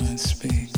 and speak.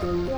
Bye.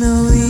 know you